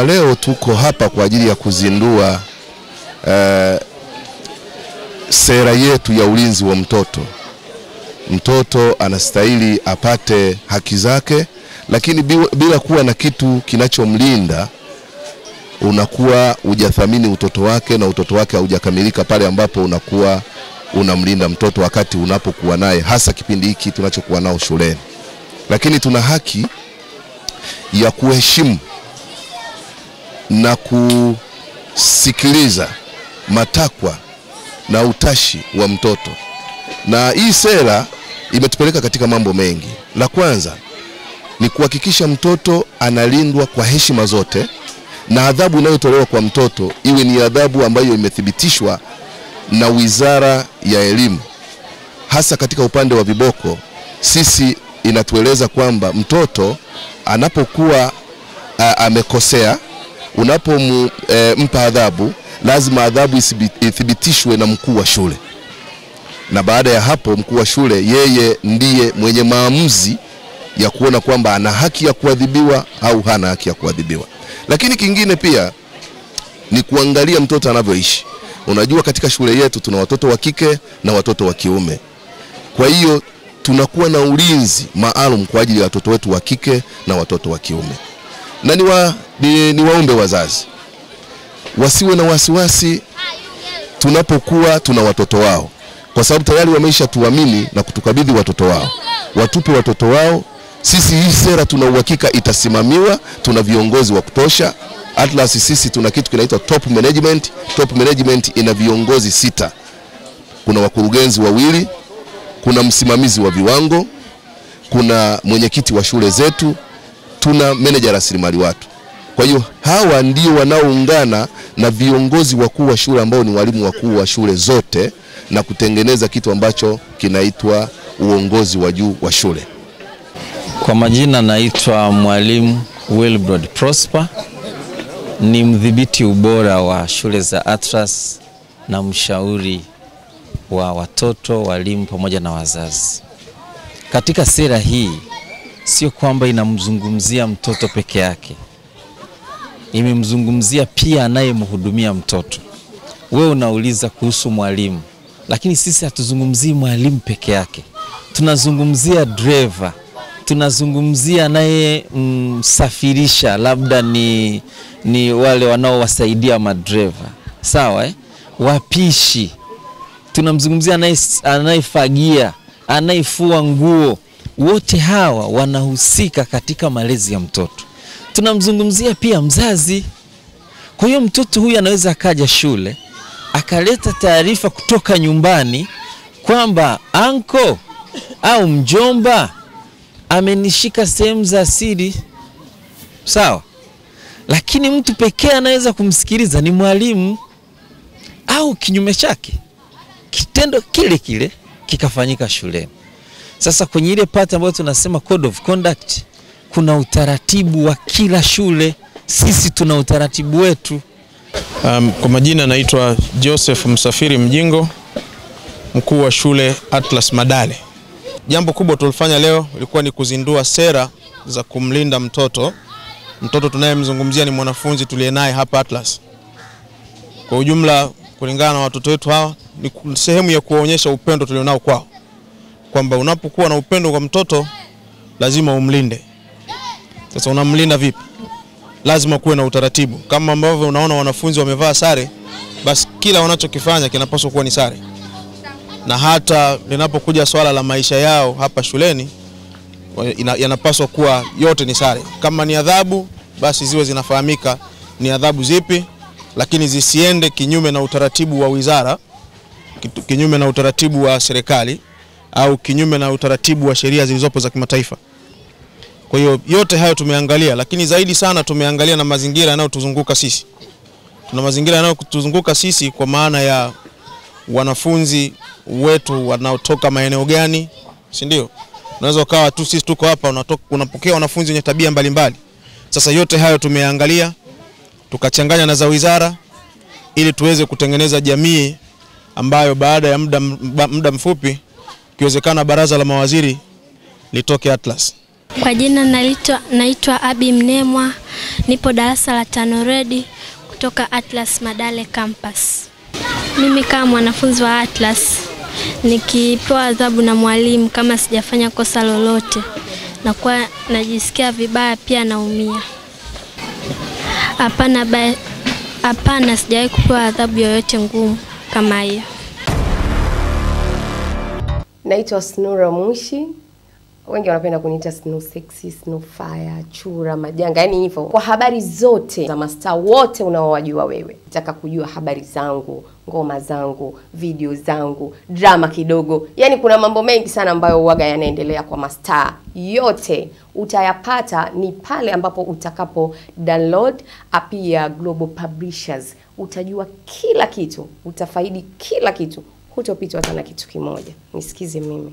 kwamba leo tuko hapa kwa ajili ya kuzindua uh, sera yetu ya ulinzi wa mtoto. Mtoto anastahili apate haki zake, lakini bila kuwa na kitu kinachomlinda unakuwa hujathamini utoto wake na utoto wake haujakamilika pale ambapo unakuwa unamlinda mtoto wakati unapokuwa naye, hasa kipindi hiki tunachokuwa nao shuleni. Lakini tuna haki ya kuheshimu na kusikiliza matakwa na utashi wa mtoto, na hii sera imetupeleka katika mambo mengi. La kwanza ni kuhakikisha mtoto analindwa kwa heshima zote, na adhabu inayotolewa kwa mtoto iwe ni adhabu ambayo imethibitishwa na Wizara ya Elimu, hasa katika upande wa viboko. Sisi inatueleza kwamba mtoto anapokuwa a, amekosea unapompa eh, e, adhabu lazima adhabu ithibitishwe na mkuu wa shule, na baada ya hapo mkuu wa shule yeye ndiye mwenye maamuzi ya kuona kwamba ana haki ya kuadhibiwa au hana haki ya kuadhibiwa. Lakini kingine pia ni kuangalia mtoto anavyoishi. Unajua, katika shule yetu tuna watoto wa kike na watoto wa kiume, kwa hiyo tunakuwa na ulinzi maalum kwa ajili ya watoto wetu wa kike na watoto wa kiume na niwaombe ni, ni, waombe wazazi wasiwe na wasiwasi tunapokuwa tuna watoto wao, kwa sababu tayari wameisha tuamini na kutukabidhi watoto wao. Watupe watoto wao. Sisi hii sera tuna uhakika itasimamiwa, tuna viongozi wa kutosha. Atlas sisi tuna kitu kinaitwa top management. Top management ina viongozi sita, kuna wakurugenzi wawili, kuna msimamizi wa viwango, kuna mwenyekiti wa shule zetu, tuna meneja rasilimali watu. Kwa hiyo hawa ndio wanaoungana na viongozi wakuu wa shule ambao ni walimu wakuu wa shule zote na kutengeneza kitu ambacho kinaitwa uongozi wa juu wa shule. Kwa majina naitwa Mwalimu Wilbrod Prosper, ni mdhibiti ubora wa shule za Atlas na mshauri wa watoto, walimu pamoja na wazazi. Katika sera hii sio kwamba inamzungumzia mtoto peke yake, imemzungumzia pia anayemhudumia mtoto. Wewe unauliza kuhusu mwalimu, lakini sisi hatuzungumzii mwalimu peke yake, tunazungumzia dreva, tunazungumzia anayemsafirisha, labda ni, ni wale wanaowasaidia madreva, sawa eh? Wapishi tunamzungumzia anayefagia, anayefua nguo wote hawa wanahusika katika malezi ya mtoto. Tunamzungumzia pia mzazi. Kwa hiyo mtoto huyu anaweza akaja shule akaleta taarifa kutoka nyumbani kwamba anko au mjomba amenishika sehemu za siri, sawa. Lakini mtu pekee anaweza kumsikiliza ni mwalimu, au kinyume chake kitendo kile kile kikafanyika shuleni. Sasa kwenye ile part ambayo tunasema code of conduct, kuna utaratibu wa kila shule, sisi tuna utaratibu wetu. Um, kwa majina naitwa Joseph Msafiri Mjingo, mkuu wa shule Atlas Madale. Jambo kubwa tulifanya leo ilikuwa ni kuzindua sera za kumlinda mtoto. Mtoto tunayemzungumzia ni mwanafunzi tuliye naye hapa Atlas. Kwa ujumla, kulingana na watoto wetu hawa, ni sehemu ya kuwaonyesha upendo tulionao kwao kwamba unapokuwa na upendo kwa mtoto lazima umlinde. Sasa unamlinda vipi? Lazima kuwe na utaratibu, kama ambavyo unaona wanafunzi wamevaa sare, basi kila wanachokifanya kinapaswa kuwa ni sare, na hata linapokuja swala la maisha yao hapa shuleni yanapaswa kuwa yote ni sare. Kama ni adhabu, basi ziwe zinafahamika ni adhabu zipi, lakini zisiende kinyume na utaratibu wa wizara, kinyume na utaratibu wa serikali au kinyume na utaratibu wa sheria zilizopo za kimataifa. Kwa hiyo yote hayo tumeangalia, lakini zaidi sana tumeangalia na mazingira yanayotuzunguka sisi. Tuna mazingira yanayotuzunguka sisi kwa maana ya wanafunzi wetu wanaotoka maeneo gani, si ndio? Unaweza ukawa tu sisi tuko hapa, unatoka, unapokea wanafunzi wenye tabia mbalimbali. Sasa yote hayo tumeangalia, tukachanganya na za wizara ili tuweze kutengeneza jamii ambayo baada ya muda mfupi ikiwezekana baraza la mawaziri litoke Atlas. Kwa jina naitwa, naitwa Abi Mnemwa, nipo darasa la tano redi kutoka Atlas Madale Campus. Mimi kama mwanafunzi wa Atlas nikipewa adhabu na mwalimu kama sijafanya kosa lolote, nakuwa najisikia vibaya, pia naumia. Hapana, hapana, sijawahi kupewa adhabu yoyote ngumu kama hiyo. Naitwa Snura Mushi, wengi wanapenda kuniita Snu Sexy, Snu Fire, Chura, Majanga, yani hivyo. Kwa habari zote za mastaa wote unaowajua wewe, nataka kujua habari zangu, ngoma zangu, video zangu, drama kidogo, yani kuna mambo mengi sana ambayo uwaga yanaendelea kwa mastaa yote utayapata ni pale ambapo utakapo download app ya Global Publishers. Utajua kila kitu, utafaidi kila kitu kutopichwa sana kitu kimoja, nisikize mimi.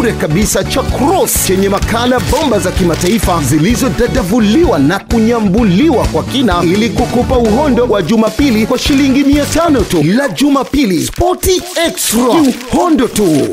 bure kabisa cha Cross chenye makala bomba za kimataifa zilizodadavuliwa na kunyambuliwa kwa kina ili kukupa uhondo wa Jumapili kwa shilingi mia tu. La Jumapili, Sporty extra, kiuhondo tu.